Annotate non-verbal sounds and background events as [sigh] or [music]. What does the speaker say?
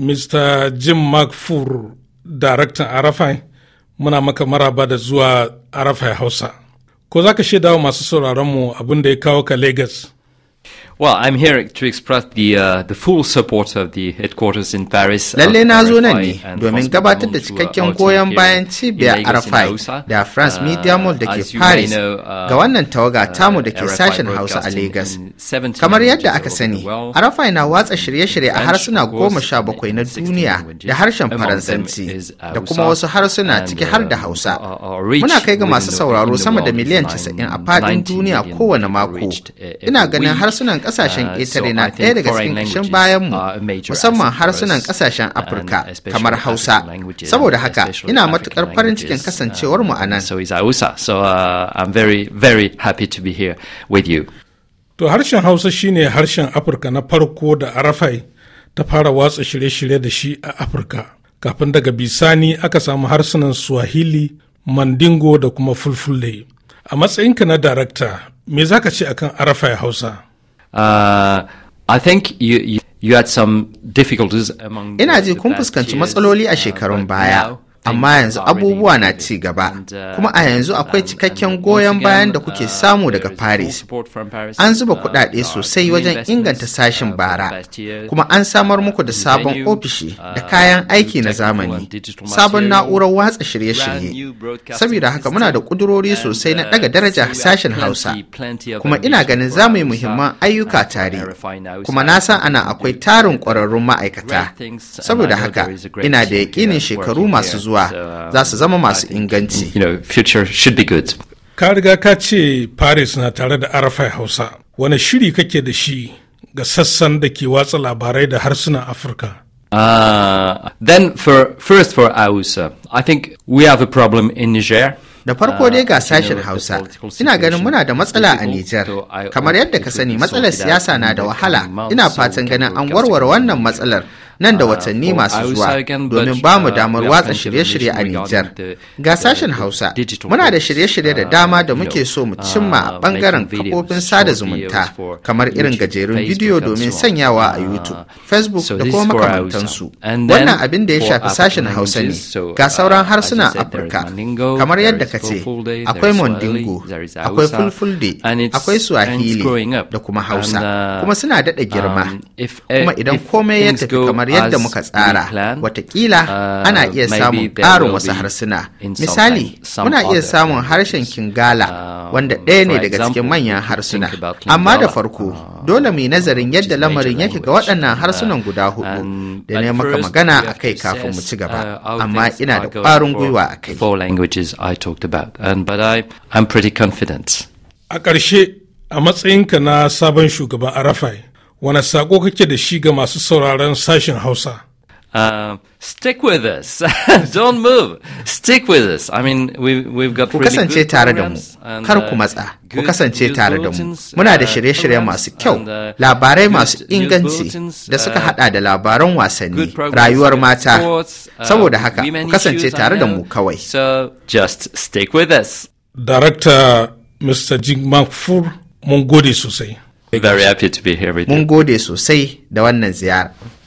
Mr. Jim Magfur, daraktan Arafai, muna maka maraba da zuwa Arafai Hausa. Ko za ka shaidawa masu sauraronmu abin da ya kawo ka lagos. Well, I'm here to express the, uh, the full support of the headquarters in Paris. Lalle na zo nan ne domin gabatar da cikakken goyon bayan cibiyar RFI da France Media Mall da ke Paris ga wannan tawaga tamu da ke sashen Hausa a Lagos. Kamar yadda aka sani, RFI na watsa shirye-shirye a harsuna goma sha bakwai na duniya da harshen Faransanci da kuma wasu harsuna ciki uh, har da Hausa. Muna kai ga masu sauraro sama da miliyan 90 a faɗin duniya kowane mako. E, Ina ganin har harsunan kasashen ƙetare uh, na ɗaya daga cikin ƙashin bayanmu musamman harsunan kasashen afirka kamar hausa saboda haka ina matuƙar farin cikin mu a nan to harshen hausa shine harshen afirka na farko da arafai ta fara watsa shirye-shirye da shi a afirka kafin daga bisani aka samu harsunan swahili mandingo da kuma fulfulde a matsayinka na darakta me zaka ka ce akan arafai hausa Uh, I think you, you, you had some difficulties among Ina ji kun fuskanci matsaloli a uh, shekarun baya. amma yanzu abubuwa na ci gaba uh, kuma a yanzu um, akwai cikakken goyon bayan da kuke uh, samu daga paris an zuba uh, kuɗaɗe sosai wajen inganta sashen bara kuma an samar muku da sabon ofishi da kayan aiki na zamani sabon na'urar watsa shirye-shirye saboda haka muna da ƙudurori sosai na ɗaga daraja sashen hausa kuma ina ganin za yi muhimman ayyuka tare kuma na san ana akwai tarin ƙwararrun ma'aikata saboda haka ina da yaƙinin shekaru masu zuwa ba uh, za su zama masu inganci. Ka riga ka ce Paris na tare da Arafai Hausa, wani shiri kake da shi ga sassan da ke watsa labarai da harsunan Afirka? Uh, then for first for Hausa, I think we have a problem in Niger. Da farko dai uh, ga sashen Hausa, ina ganin muna da matsala a Nijar. Kamar yadda ka sani matsalar siyasa na da wahala, ina fatan ganin an warware wannan matsalar. nan da uh, watanni masu zuwa domin ba mu uh, damar watsa shirye-shirye a Nijar. Ga sashen Hausa, muna da shirye-shirye da uh, dama da muke so mu cimma a bangaren kafofin sada zumunta kamar irin gajerun bidiyo domin sanyawa a YouTube, Facebook da kuma makamantansu. Wannan abin da ya shafi sashen Hausa ne ga sauran harsunan Afirka kamar yadda ka ce akwai Mondingo, akwai Fulfulde, akwai Swahili da kuma Hausa, kuma suna daɗa girma. Um, eh, kuma idan komai ya tafi kamar yadda muka tsara watakila uh, ana iya samun ƙarin wasu harsuna misali muna iya samun harshen kingala um, wanda ɗaya ne daga cikin manyan harsuna amma da farko uh, dole mu yi nazarin yadda lamarin yake ga waɗannan uh, harsunan guda hudu da ne maka magana a kai kafin mu ci gaba amma ina da ƙwarin gwiwa a kai a ƙarshe a matsayinka na sabon shugaban arafai wani sako kake da shi ga masu sauraron sashen hausa Uh, stick with us. [laughs] Don't move. Stick with us. I mean, we've, got really kasance tare da mu, kar ku uh, matsa, ku kasance tare da mu. Muna da uh, shirye-shirye masu kyau, uh, labarai masu inganci da suka hada da labaran wasanni, rayuwar mata. Saboda haka, ku kasance tare da mu kawai. So, just stick with us. Director Mr. Jigmafur, mun gode sosai. Very happy to be here with you. Mun gode sosai da wannan ziyara.